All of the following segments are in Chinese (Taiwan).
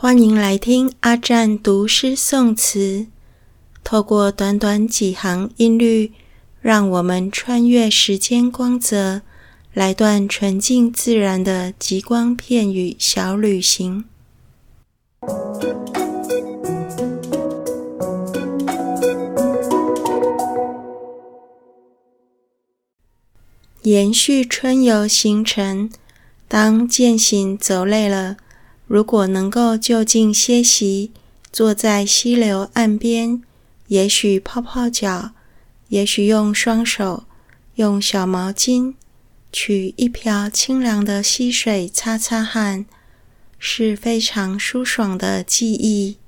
歡迎來聽阿占讀詩宋詞，透過短短幾行音律，讓我們穿越時間光澤，來段純淨自然的極光片語小旅行。延續春遊行程，當健行走累了。如果能夠就近歇息，坐在溪流岸邊，也許泡泡腳，也許用雙手、用小毛巾，取一瓢清涼的溪水擦擦汗，是非常舒爽的記憶。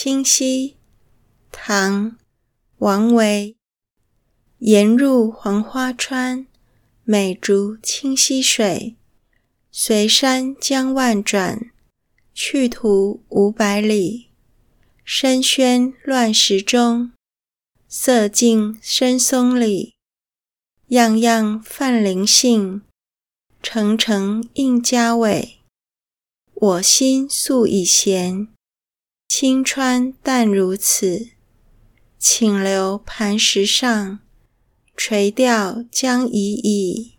清溪，唐·王維。沿入黃花川，美竹清溪水。隨山江萬轉，去途五百里。深喧亂石中，色靜深松裡。樣樣泛靈性，澄澄應佳尾。我心素已閒。清川澹如此，請留盤石上，垂釣將已矣。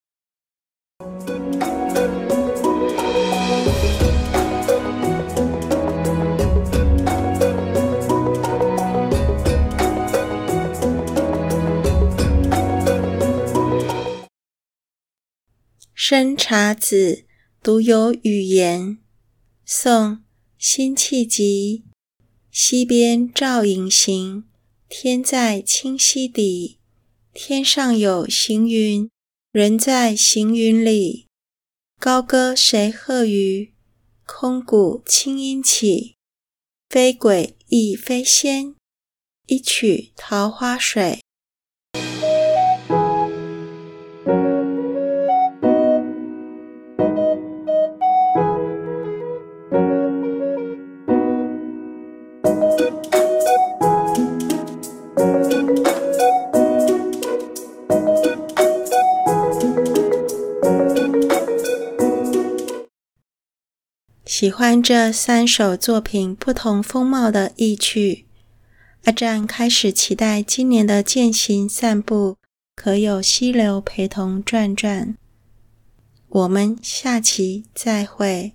生查子，獨遊雨巖，宋，辛棄疾。溪邊照影行，天在清溪底。天上有行雲，人在行雲裡。高歌誰和余？空谷清音起。非鬼亦非仙，一曲桃花水。嗯喜歡這三首作品不同風貌的意趣，阿占開始期待今年的健行散步，可有溪流陪同轉轉？我們下期再會。